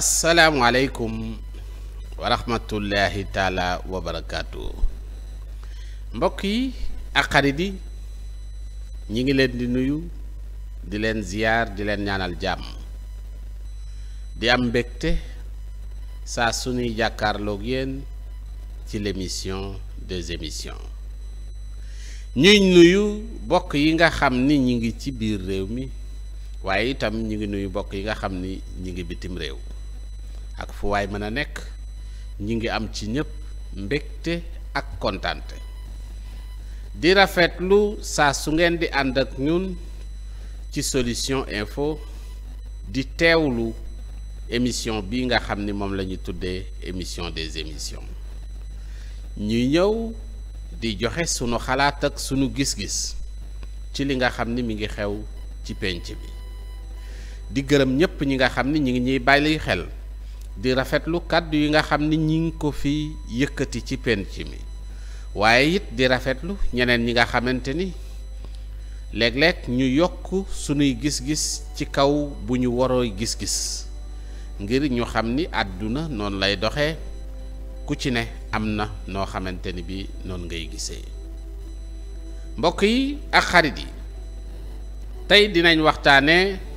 asalaamualeykum wa rahmatullahi taala wa barakaatu mbokk yi ak xarit yi ñi ngi leen di nuyu di leen ziyaar di leen ñaanal jàmm di am mbégte saa sunuy jàkkaarloog yéen ci l'émission des émissions ñuy nuyu bokk yi nga xam ni ñu ngi ci biir réew mi waaye itam ñu ngi nuyu bokk yi nga xam ni ñu ngi bitim réew ak fu waay mën a nekk ñi ngi am ci ñëpp mbégte ak kontaante di rafetlu saa su ngeen di ànd ak ñun ci solution info di teewlu émission bi nga xam ni moom la ñu tuddee émission des émissions ñuy ñëw di joxe sunu xalaat ak sunu gis-gis ci li nga xam ni mi ngi xew ci penc bi di gërëm ñëpp ñi nga xam ni ñi ngi ñuy bàyyi xel di rafetlu kàddu yi nga xam ni ñi ngi ko fi yëkkati ci penc mi waaye it di rafetlu ñeneen ñi nga xamante ni léeg-léeg ñu yokk sunuy gis-gis ci kaw bu ñu warooy gis-gis ngir ñu xam ni àdduna noonu lay doxe ku ci ne am na noo xamante ni bi noonu ngay gisee mbokk yi ak xarit yi tey dinañ waxtaanee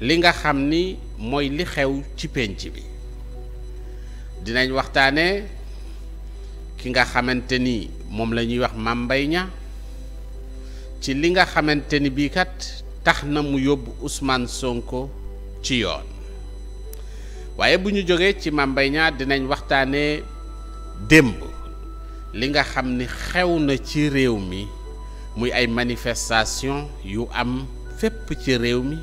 li nga xam ni mooy li xew ci pénc bi dinañ waxtaane ki nga xamante ni moom lañuy wax Mame Mbaye ci li nga xamante ni bii kat tax na mu yóbbu Ousmane Sonko ci yoon waaye bu ñu jógee ci Mame Mbaye dinañ waxtaane démb li nga xam ni xew na ci réew mi muy ay manifestation yu am fépp ci réew mi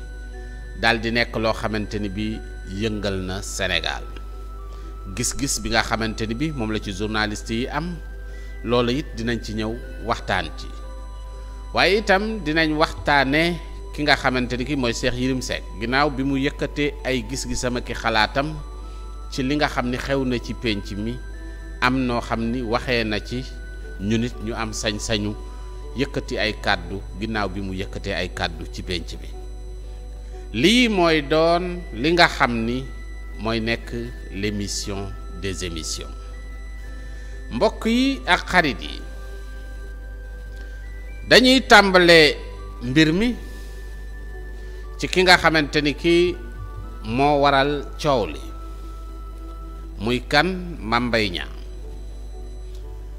daal di nekk loo xamante ni bi yëngal na senegaal gis-gis bi nga xamante ni bi moom la ci journaliste yi am loola it dinañ ci ñëw waxtaan ci waaye itam dinañ waxtaane ki nga xamante ni ki mooy Cheikh Yérim Seck ginnaaw bi mu yëkkatee ay gis gi sama ki xalaatam ci li nga xam ni xew na ci pénc mi am noo xam ni waxee na ci ñu nit ñu am sañ-sañu yëkkati ay kàddu ginnaaw bi mu yëkkatee ay kàddu ci pénc mi lii mooy doon li nga xam ni mooy nekk l'émission des émissions mbokk yi ak xarit yi dañuy tàmbale mbir mi ci ki nga xamante ni kii moo waral coow li muy kan Mame Mbaye Niang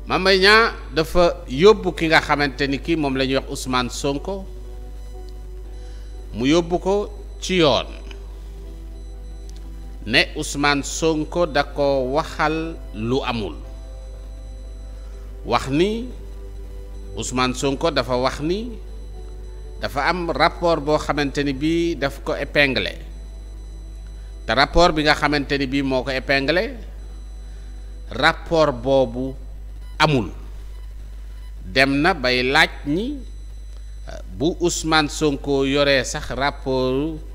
Mame dafa yóbbu ki nga xamante ni kii moom lañuy ñuy wax Ousmane Sonko mu yóbbu ko ci yoon ne Ousmane Sonko da ko waxal lu amul wax ni usmaan Sonko dafa wax ni dafa am rapport boo xamante ni bii daf ko épinglé te rapport bi nga xamante ni bii moo ko épinglé rapport boobu amul dem na bay laaj ni bu usmaan Sonko yore sax rapport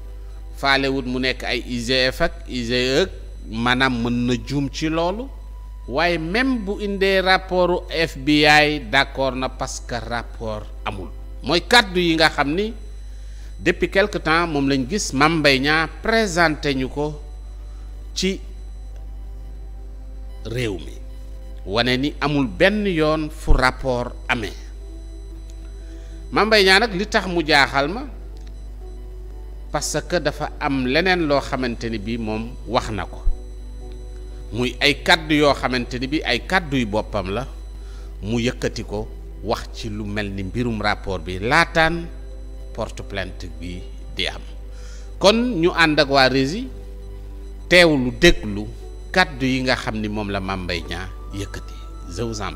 faalewut mu nekk ay IGF ak IGE maanaam mën na juum ci loolu waaye même bu indee rapportu FBI d'accord na parce que rapport amul mooy kàddu yi nga xam ni depuis quelque temps moom lañ gis Mame Mbaye Niang présenté ñu ko ci réew mi wane ni amul benn yoon fu rapport ame Mame Mbaye nag li tax mu jaaxal ma parce que dafa am leneen loo xamante ni bi moom wax na ko muy ay kàddu yoo xamante ni bi ay kàdduy boppam la mu yëkkati ko wax ci lu mel ni mbirum rapport bi laataan porte plainte bi di am kon ñu ànd ak waa rési lu déglu kàddu yi nga xam ni moom la Mame Mbaye Niang yëkkati je vous en la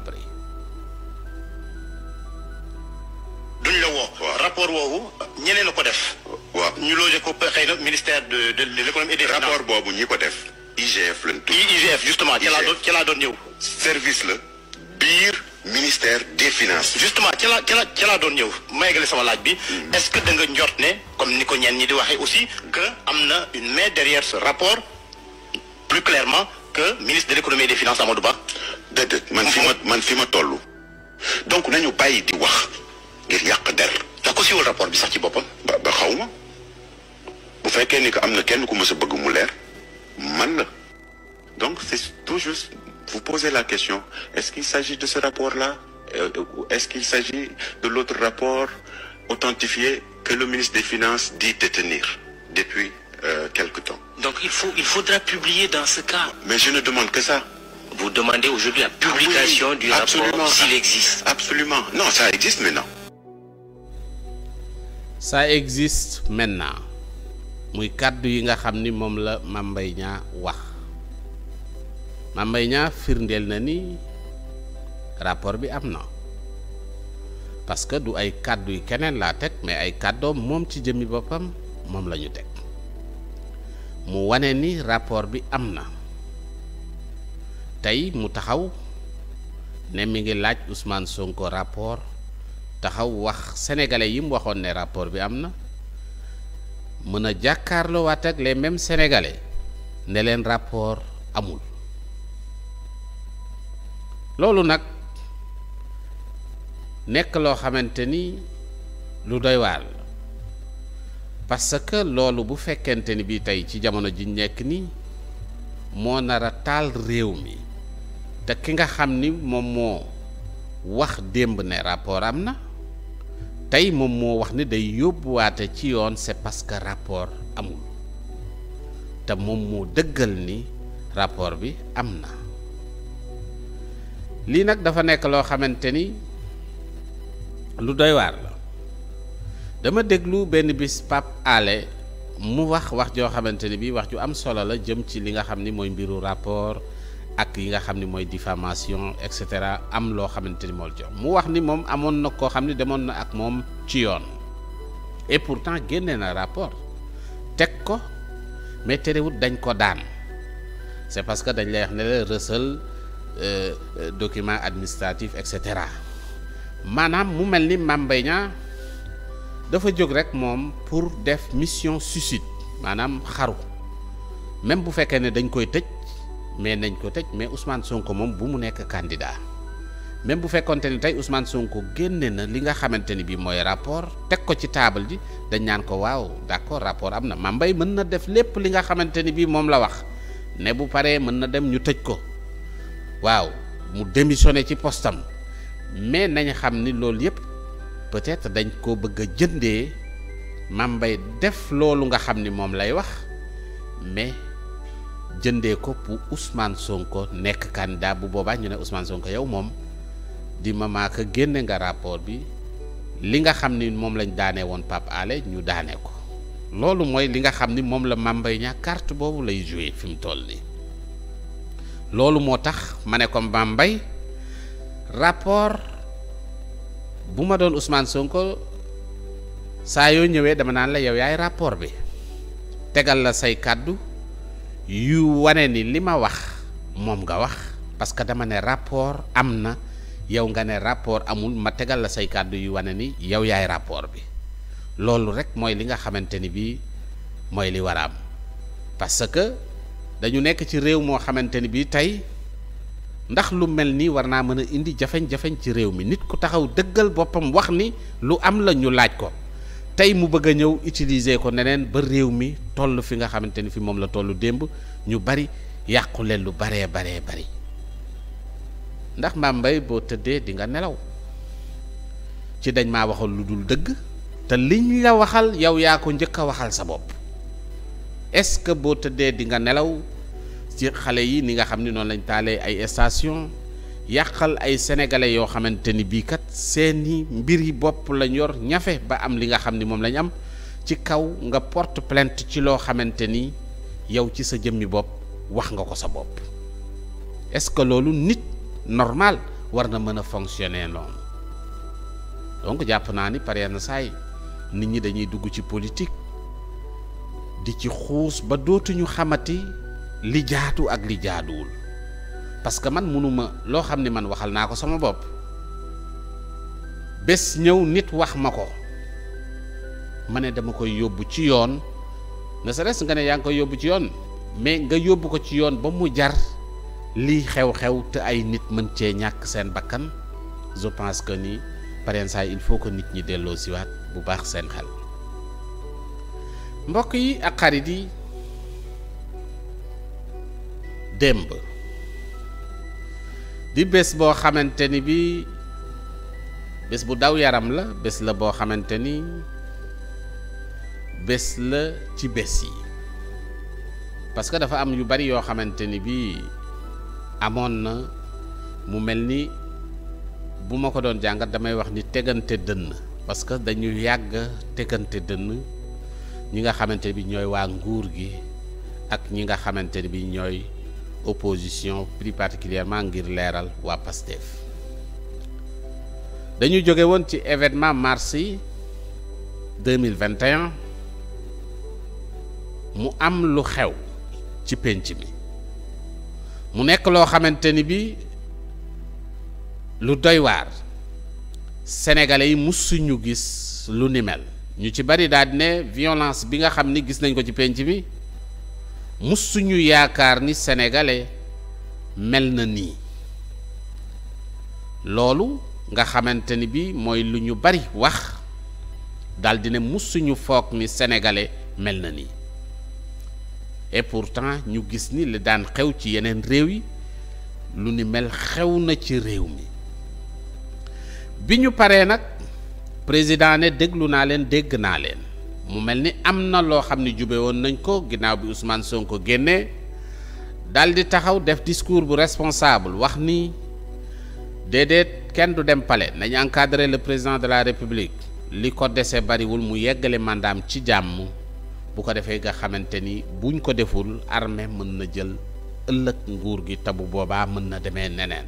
woo rapport woowu ñeneen la ko def waaw ñu logé ko xëy na ministère de de de l'économie et des finances. rapport boobu ñi ko def. IGF lañ tudd. IGF justement ci doon ci laa doon ñëw. service la biir. ministère des finances. justement ci la ci la laa doon ñëw ma yeggale sama laaj bi. Hmm. est-ce que da nga njort ne comme ni ko ñeen ñi di waxee aussi que am na une main derrière ce rapport plus clairement que ministre de l'économie et des finances Amadou Ba. déedéet man fi ma man fi ma toll. donc nañu bàyyi di wax ngir yàq der. te rapport bi sax ci boppam. ba ba xaw ma bu fekkee ni que am na kenn ku mës a bëgg mu leer man la donc c'est tout juste vous posez la question est-ce qu'il s'agit de ce rapport-là euh, est-ce qu'il s'agit de l'autre rapport authentifié que le ministre des Finances dit détenir depuis euh, quelque temps. Donc il faut il faudra publier dans ce cas. Mais je ne demande que ça. Vous demandez aujourd'hui la publication ah oui, du rapport s'il existe. Absolument. Non, ça existe maintenant. ça existe maintenant muy kàddu yi nga xam ni moom la Mame wax Mame firndeel na ni rapport bi am na parce que du ay kàddu yi keneen laa teg mais ay kàddoom moom ci jëmmi boppam moom lañu teg mu wane ni rapport bi am na tey mu taxaw ne mi ngi laaj Ousmane Sonko rapport taxaw wax sénégalais yi waxoon ne rapport bi am na mën a jàkkaarloo ak les mêmes sénégalais ne leen rapport amul loolu nag nekk loo xamante ni lu doy waar parce que loolu bu fekkente ni bi tey ci jamono ji nekk ni moo nar a taal réew mi te ki nga xam ni moom moo wax démb ne rapport am na tey moom moo wax ne day yóbbuwaate ci yoon c'est parce que rapport amul te moom moo dëggal ni rappoor bi am na lii nag dafa nekk loo xamante ni lu doy waar la dama déglu benn bis Pape Alé mu wax wax joo xamante ni bii wax ju am solo la jëm ci li nga xam ni mooy mbiru rappoor ak yi nga xam ni mooy diffamation et cetera am loo xamante ni moo jox mu wax ni moom amoon na koo xam ni demoon na ak moom ci yoon et pourtant génnee na rapport teg ko mais terewut dañ ko daan c'est parce que dañ lay wax ne la recel euh, euh, document administratif et cetera maanaam mu mel ni Mame Mbaye dafa jóg rek moom pour def mission suicide maanaam xaru même bu fekkee ne dañ koy tëj. mais nañ ko tëj mais Ousmane Sonko moom bu mu nekk candidat même bu fekkonte ni tey Ousmane Sonko génne na li nga xamante ni bii mooy rapport teg ko ci table ji dañ naan ko waaw d'accord rapport am na Mame Mbaye mën na def lépp li nga xamante ni bii moom la wax ne bu paree mën na dem ñu tëj ko waaw mu démissionné ci postam mais nañ xam ni loolu yépp peut-être dañ ko bëgg a jëndee Mame Mbaye def loolu nga xam ni moom lay wax mais. jëndee ko pour Ousmane Sonko nekk candidat bu boobaa ñu ne Ousmane Sonko yow moom di ma maaka génne nga rapport bi li nga xam ni moom lañ daanee woon Pape ñu daane ko loolu mooy li nga xam ni moom la Mame Mbaye Niang boobu lay joué fi mu toll nii loolu moo tax ma ne ko Mame Mbaye rapport bu ma doon Ousmane Sonko saa yoo ñëwee dama naan la yow yaay rapport bi tegal la say kàddu yu wane ni li ma wax moom nga wax parce que dama ne rapport am na yow nga ne rapport amul ma tegal la say kàddu yu wane ni yow yaay rapport bi loolu rek mooy li nga xamante ni bii mooy li war a am parce que dañu nekk ci réew moo xamante ni bii tey ndax lu mel nii war naa mën a indi jafeñ-jafeñ ci réew mi nit ku taxaw dëggal boppam wax ni lu am la ñu laaj ko tey mu bëgg a ñëw utiliser ko neneen ba réew mi toll fi nga xamante ni fi moom la tollu démb ñu bari yàqu leen lu baree baree bari ndax mbaam mbay boo tëddee dinga nelaw ci dañ ma waxal lu dul dëgg te liñ la waxal yow yaa ko njëkk a waxal sa bopp est-ce que boo tëddee di nga nelaw ci xale yi ni nga xam ni noonu lañ taalee ay station yàqal ay sénégalais yoo xamante ni bii kat seeni yi bopp lañ yor ñafe ba am li nga xam ni moom lañ am ci kaw nga porte plainte ci loo xamante ni yow ci sa jëmmi bopp wax nga ko sa bopp est-ce que loolu nit normal war na mën a fonctionner noonu donc jàpp naa ni pare na saay nit ñi dañuy dugg ci politique di ci xuus ba dootuñu xamati li jaatu ak li jaaduwul. parce que man mënuma loo xam ne man waxal naa ko sama bopp bés ñëw nit wax ma ko ma ne dama koy yóbbu ci yoon ne nga ne yaa ngi koy yóbbu ci yoon mais nga yóbbu ko ci yoon ba mu jar lii xew-xew te ay nit mën cee ñàkk seen bakkan je pense que ni pareen saa il faut que nit ñi delloo siwaat bu baax seen xel mbokk yi ak xarit yi démb di bés boo xamante ni bi bés bu daw yaram la bés la boo xamante ni bés la ci bés yi parce que dafa am yu bari yoo xamante ni bii amoon na mu mel ni bu ma ko doon jàngat damay wax ni tegante dënn parce que dañu yàgg tegante dënn ñi nga xamante ni bi ñooy waa nguur gi ak ñi nga xamante ni bi ñooy opposition plus particulièrement ngir leeral waa PASTEF dañu jóge woon ci événement mars yi 2021 mu am lu xew ci pénc mi mu nekk loo xamante ni bi lu doy waar sénégalais yi musuñu gis lu ni ñu ci bari daal ne violence bi nga xam ni gis nañ ko ci pénc mi mus suñu yaakaar ni sénégalais mel na nii loolu nga xamante ni bi mooy lu ñu bari wax daldi ne mus suñu foog ni sénégalais mel na nii et pourtant ñu gis ni li daan xew ci yeneen réew yi lu ni mel xew na ci réew mi bi ñu paree nag président ne déglu naa leen dégg naa leen mu mel ni am na loo xam ne jube woon nañ ko ginnaaw bi Ousmane ko génnee daal di taxaw def discours bu responsable wax ni déedéet kenn du dem pale nañ encadrer le président de la république li ko dese bariwul mu yeggale mandaam ci jàmm bu ko defee nga xamante ni buñ ko deful arme mën na jël ëllëg nguur gi tabu boobaa mën na demee neneen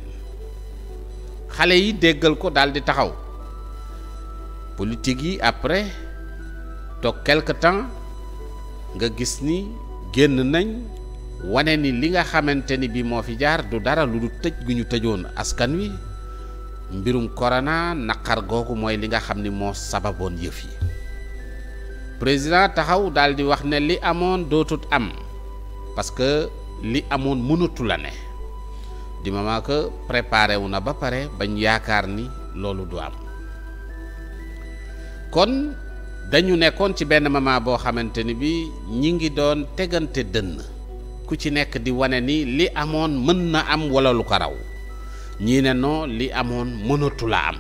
xale yi déggal ko daal di taxaw politique yi après toog quelque temps nga gis ni génn nañ wane ni li nga xamante ni bi moo fi jaar du dara lu du tëj gu ñu tëjoon askan wi mbirum corona naqar googu mooy li nga xam ni moo sababoon yëf yi président taxaw daal wax ne li amoon dootut am parce que li amoon mënatula ne du moment que préparé wu na ba pare bañ yaakaar ni loolu du am kon dañu nekkoon ci benn moment boo xamante ni bi ñi ngi doon tegante dënn ku ci nekk di wane ni li amoon mën na am wala lu ko raw ñii ne noo li amoon mënatu la am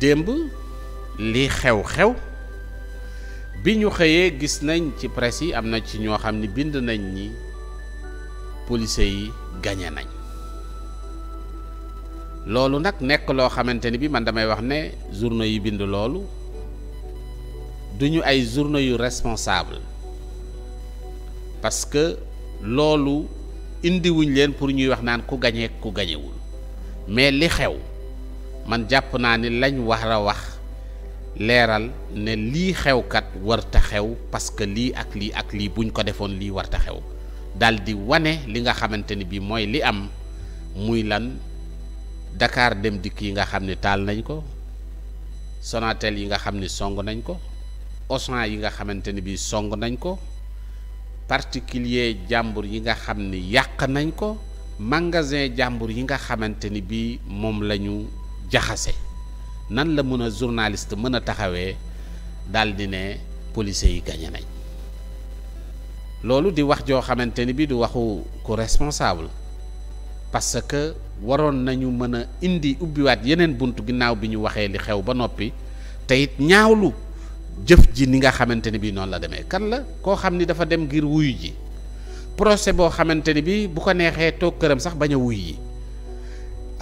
démb li xew-xew bi ñu xëyee gis nañ ci presse yi am na ci ñoo xam ni bind nañ ni policiers yi gañe nañ loolu nag nekk loo xamante ni bi man damay wax ne journaux yu bind loolu du ñu ay journaux yu responsable parce que loolu indiwuñ leen pour ñuy wax naan ku gañee ku gañewul mais li xew man jàpp naa ni lañ war a wax leeral ne lii xewkat warta xew parce que lii ak lii ak lii buñ ko defoon lii warta xew daldi wane li nga xamante ni bi mooy li am muy lan dakaar dem dikk yi nga xam ne taal nañ ko Sonatel yi nga xam ni song nañ ko Auchan yi nga xamante ni bii song nañ ko particulier jàmbur yi nga xam ni yàq nañ ko magasin jàmbur yi nga xamante ni bii moom la ñu jaxase nan la mën a journaliste mën a taxawee dal di ne policiers yi gañe nañ loolu di wax joo xamante ni bii du waxu ku responsable parce waroon nañu mën a indi ubbiwaat yeneen bunt ginnaaw bi ñu waxee li xew ba noppi tey ñaawlu jëf ji ni nga xamante ni bii noonu la demee kan la koo xam ni dafa dem ngir wuyu ji procès boo xamante ni bii bu ko neexee toog këram sax bañ a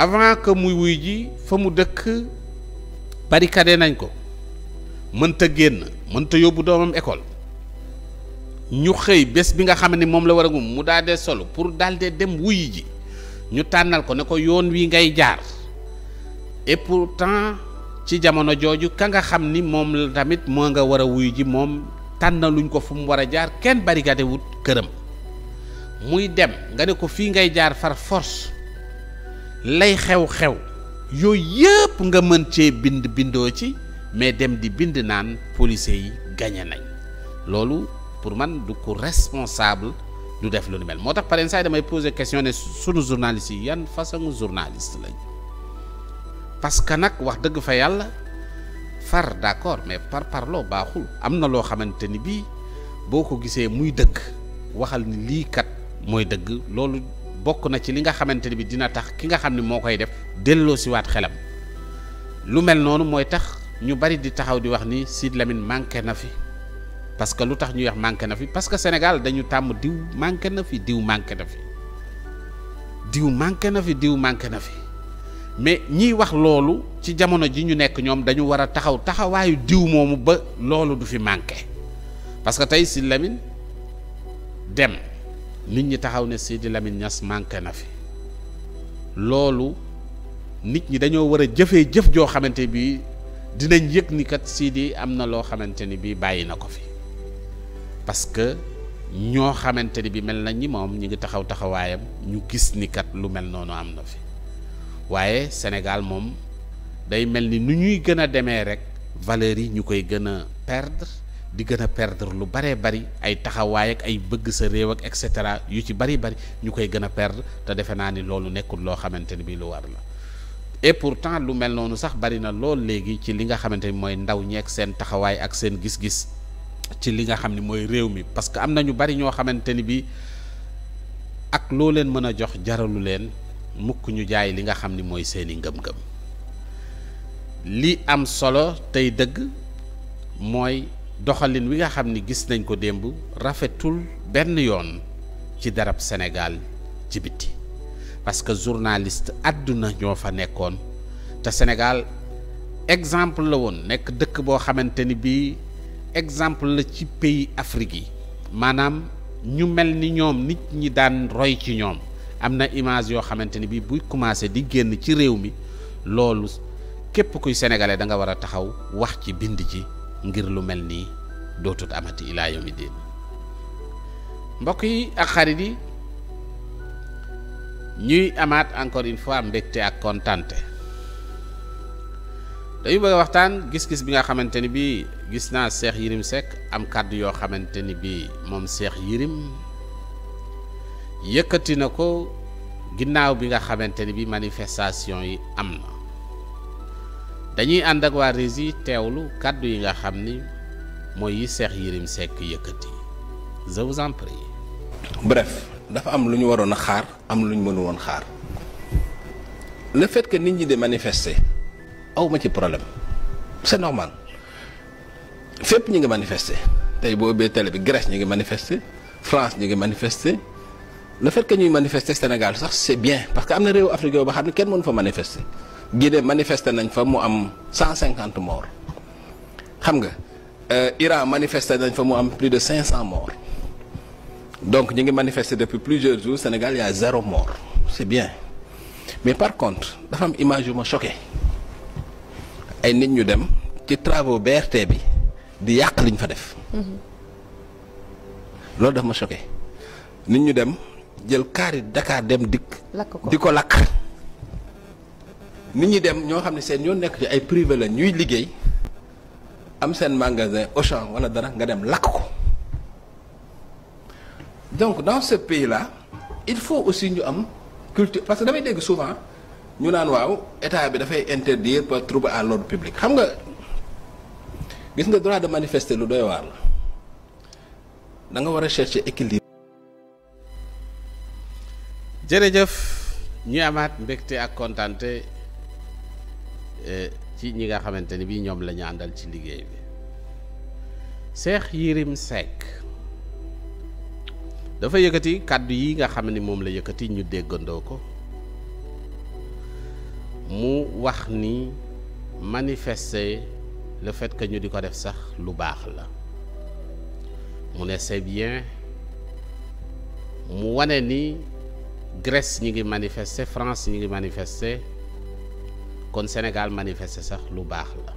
avant que muy wuyu ji fa mu dëkk barricade nañ ko mënta génn mënta yóbbu doomam école ñu xëy bés bi nga xam ne moom la war a mu daal dee solo pour daal dee dem wuyu ji. ñu tànnal ko ne ko yoon wi ngay jaar et pourtant ci jamono jooju ka nga xam ni moom tamit moo nga war a wuyu ji moom tànnaluñ ko fu mu war a jaar kenn barricade këram muy dem nga ne ko fii ngay jaar far force lay xew-xew yooyu yëpp nga mën cee bind bindoo ci mais dem di bind naan policiers yi gañe nañ loolu pour man du ko responsable du def lu ni mel moo tax par exemple damay poser question ne sunu journaliste yi yan façon journaliste lañ parce que nag wax dëgg fa yàlla far d'accord mais par parloo baaxul am na loo xamante ni bii boo ko gisee muy dëgg waxal ni lii kat mooy dëgg loolu bokk na ci li nga xamante ni bi dina tax ki nga xam ne moo koy def delloo si waat xelam lu mel noonu mooy tax ñu bari di taxaw di wax ni Sidy Lamine manqué na fi parce que lu tax ñu wax manqué na fi parce que Sénégal dañu tàmm diw manqué na fi diw manqué na fi diw manqué na fi diw manqué na fi mais ñiy wax loolu ci jamono ji ñu nekk ñoom dañu war a taxaw taxawaayu diw moomu ba loolu du fi manqué parce que tey si Lamine dem nit ñi taxaw ne Sidi Lamine Niass manqué na fi loolu nit ñi dañoo war a jëfee jëf joo xamante bi dinañ yëg ni kat Sidi am na loo xamante ni bii bàyyi na ko fi. parce que ñoo xamante ni bi mel na ni moom ñu ngi taxaw taxawaayam ñu gis ni kat lu mel noonu am na fi waaye Sénégal moom day mel ni nu ñuy gën a demee rek valeurs yi ñu koy gën a perdre di gën a perdre lu baree bari ay taxawaay ak ay bëgg sa réew ak et cetera yu ci bari bari ñu koy gën a perdre te defe naa ni loolu nekkul loo xamante ni bi lu war la et pourtant lu mel noonu sax bari na lool léegi ci li nga xamante ni mooy ndaw ñeek seen taxawaay ak seen gis-gis ci li nga xam ne mooy réew mi parce que am na ñu bari ñoo xamante ni bi ak loo leen mën a jox jaralu leen mukk ñu jaay li nga xam ni mooy seeni ngëm-ngëm li am solo tey dëgg mooy doxalin wi nga xam ni gis nañ ko démb rafetul benn yoon ci darab Sénégal ci biti parce que journaliste àdduna ñoo fa nekkoon te Sénégal exemple la woon nekk dëkk boo xamante ni bii exemple la ci pays Afrique yi maanaam ñu mel ni ñoom nit ñi daan roy ci ñoom am na image yoo xamante ni bii buy commencé di génn ci réew mi loolu képp kuy sénégalais da nga war a taxaw wax ci bind ci ngir lu mel nii dootut amati ilaa yawmi diin mbokk yi ak xarit yi ñuy amaat encore une fois mbégte ak kontaante dañu bëgg waxtaan gis-gis bi nga xamante ni bii gis naa Cheikh Yérim Seck am kàddu yoo xamante ni bii moom Cheikh Yérim yëkkati na ko ginnaaw bi nga xamante ni bii manifestation yi am na dañuy ànd ak waa Rési teewlu kàddu yi nga xam ni mooy yi Cheikh Yérim Seck yëkkati je vous en bref dafa am lu ñu waroon a xaar am lu ñu mënu woon xaar le fait nit ñi de manifester. aw ma ci problème c'est normal fépp ñu ngi manifester tey boo ubbee télé bi Grèce ñu ngi manifester France ñu ngi manifester lu fait que ñuy manifester Sénégal sax c'est bien parce que am na réew Afrique yoo ba xam ne kenn mënu fa manifester Guinée manifester nañ fa mu am 150 morts xam nga euh, Iran manifester nañ fa mu am plus de 500 morts donc ñu ngi manifester depuis plusieurs jours Sénégal il y a zéro mort c'est bien mais par contre dafa am image yu ma ay nit ñu dem ci travaux BRT bi di yàq liñ fa def. loolu def ma choqué nit ñu dem jël kaar yi Dakar dem dikk. di ko lakk. nit ñi dem ñoo xam ne seen ñoo nekk ci ay privé la ñuy liggéey am seen magasin Auchan wala dara nga dem lakk ko donc dans ce pays là il faut aussi ñu am culture parce que damay dégg souvent. ñu naan waaw état bi dafay interdire par trouble à l'ordre public xam nga gis nga droit de lu doy waar la da nga war a chercher équilibre. jërëjëf ñu amaat mbégte ak kontante eh, ci ñi nga xamante ni bii ñoom lañu ñu àndal ci liggéey bi Cheikh Yérim Seck dafa yëkkati kàddu yi nga xam ni moom la yëkkati ñu déggandoo ko. mu wax ni manifester le fait que ñu di ko def sax lu baax la mu ne c'est bien mu wane ni Grèce ñi ngi manifeste France ñi ngi manifester kon Sénégal manifester sax lu baax la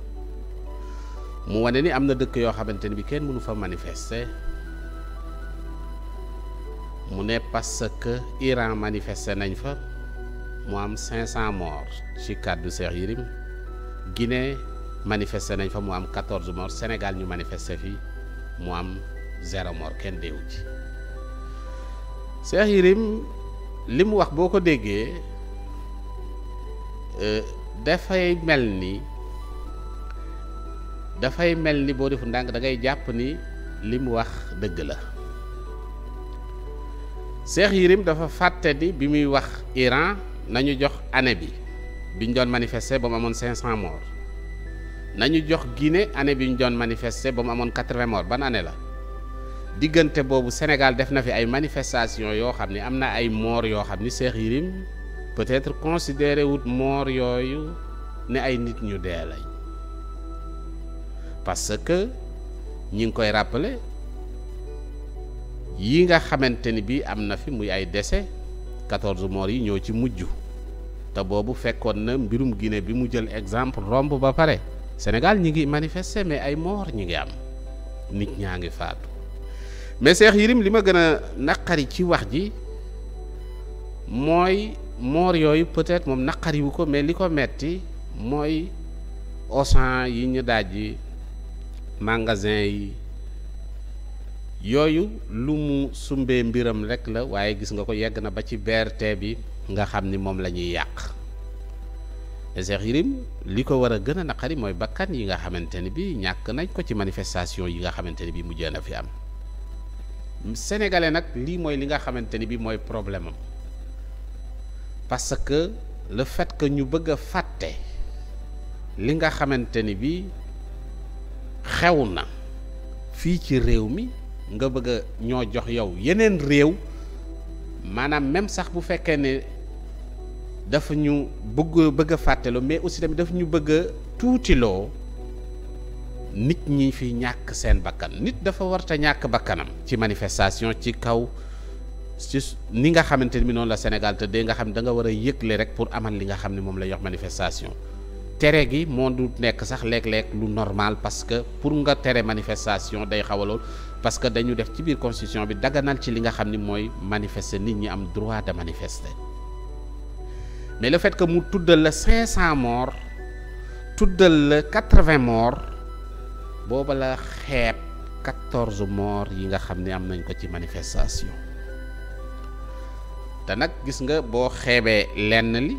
mu wane ni am na dëkk yoo xamante ni bi kenn mënu fa manifester mu ne parce que Iran manifester nañ fa. mu am 500 morts ci kàddu Cheikh Yérim gine manifesté nañ fa mu am 14 senegal ñu manifesté fi mu am zéro mort kenn deewu ci Cheikh Yérim li mu wax boo ko déggee euh, dafay mel ni dafay mel ni boo defu ndànk dangay jàpp ni li mu wax dëgg la Cheikh Yérim dafa fàtte ni bi muy wax Iran nañu jox année bi bi doon manifester ba mu amoon 500 morts nañu jox Guinée année bi doon manifester ba mu amoon 80 morts ban année la diggante boobu Sénégal def na fi ay manifestations yoo xam ni am na ay morts yoo xam ni seex Yérim peut-être considéré wut morts yooyu ne ay nit ñu dee lañ parce que ñi ngi koy rappeler yi nga xamante ni bii am na fi muy ay dese quatorze morts yi ñoo ci mujj te boobu fekkoon na mbirum gine bi mu jël exemple romb ba pare Sénégal ñi ngi manifester mais ay moor ñi ngi am nit ñaa ngi faatu mais Cheikh Yérim li ma gën a naqari ci wax ji mooy moor yooyu peut-être moom naqariwu ko mais li ko metti mooy osan yi ñu dajji magasin yi yooyu lu mu sumbee mbiram rek la waaye gis nga ko yegg na ba ci BRT bi nga xam ni moom la ñuy yàq Cheikh Yérim li ko war a gën a naqari mooy bakkan yi nga xamante ni bi ñàkk nañ ko ci manifestation yi nga xamante ni bi mujjee na fi am sénégalais nag lii mooy li nga xamante ni bi mooy problème am parce que le fait que ñu bëgg a fàtte li nga xamante ni bi xew na fii ci réew mi nga bëgg a ñoo jox yow yeneen réew maanaam même sax bu fekkee ne dafa ñu bëgg bëgg a fàttaloo mais aussi tamit dafa ñu bëgg a tuutiloo nit ñi fi ñàkk seen bakkan nit dafa warta ñàkk bakkanam ci manifestation ci kaw ci ni nga xamante ni noonu la Sénégal tëddee nga xam ne da nga war a yëgle rek pour aman li nga xam ne moom la yox manifestation tere gi moo du nekk sax léeg-léeg lu normal parce que pour nga tere manifestation day xaw a lool parce que dañu def ci biir constitution bi daganal ci li nga xam ni mooy manifester nit ñi am droit de manifester mais le fait que mu tuddal la 500 morts tuddal la 80 morts booba la xeeb 14 morts yi nga xam ni am nañ ko ci manifestation te nag gis nga boo xeebee lenn li.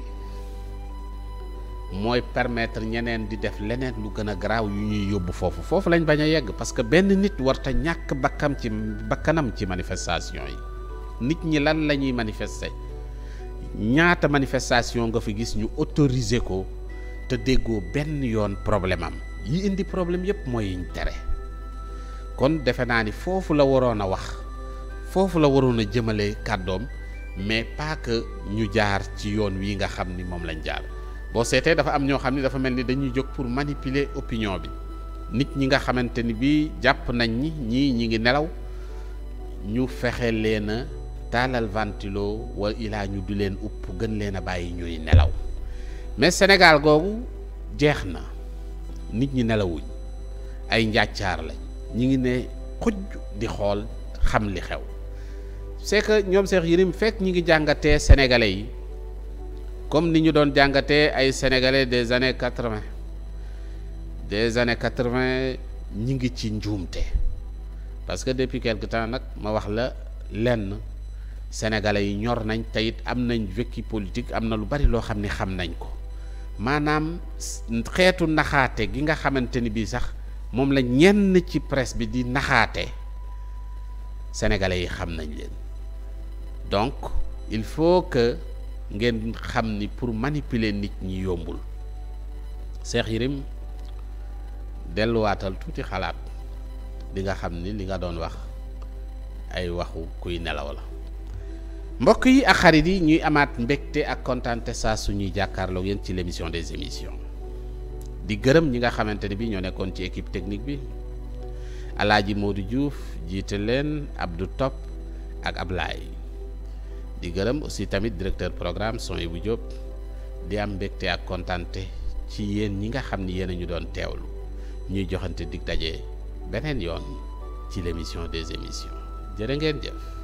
mooy permettre ñeneen di def leneen lu gën a garaaw yu ñuy yóbbu foofu foofu lañ bañ a yegg parce que benn nit warta ñàkk bakkam ci bakkanam ci manifestation yi nit ñi lan la ñuy manifester ñaata manifestation nga fi gis ñu autoriser ko te déggoo benn yoon problème am yi indi problème yépp mooy yiñ tere kon defe naa ni foofu la waroon a wax foofu la waroon a jëmale kàddoom mais pas ñu jaar ci yoon wii nga xam ni moom lañ jaar. boo seetee dafa am ñoo xam ni dafa mel ni dañuy jóg pour manipuler opinion bi nit ñi nga xamante ni bii jàpp nañ ñi ñii ñi ngi nelaw ñu fexe leen a taalal ventilo wala ilaa ñu du leen upp gën leen a bàyyi ñuy nelaw mais Sénégal googu jeex na nit ñi nelawuñ ay njàccaar lañ ñi ngi ne xuj di xool xam li xew c'est que ñoom Cheikh Yérim fekk ñi ngi jàngatee sénégalais yi comme ni ñu doon jàngatee ay sénégalais des années quatre-vingt des années quatre-vingt ñi ngi ci njuumte parce que depuis quelque temps nag ma wax la lenn sénégalais yi ñor nañ te am nañ vécu politique am na lu bari loo xam ni xam nañ ko maanaam xeetu naxaate gi nga xamante ni bii sax moom la ñenn ci presse bi di naxaate sénégalais yi xam nañ leen donc il faut que. ngeen xam ni pour manipuler nit ñi yombul Cheikh Yérim delluwaatal tuuti xalaat di nga xam ni li nga doon wax ay waxu kuy nelaw la mbokk yi ak xarit yi ñuy amaat mbégte ak kontaante saa suñuy jàkkaarloo yéen ci l'émission des émissions di gërëm ñi nga xamante ne bi ñoo nekkoon ci équipe technique bi ji moo di juuf jiite leen du topp ak Ablaye di gërëm aussi tamit directeur programme son yi bu Diop di am mbégte ak kontante ci yéen ñi nga xam ni yéen a ñu doon teewlu ñuy joxante dig daje beneen yoon ci l'émission des émissions jërë ngeen jëf.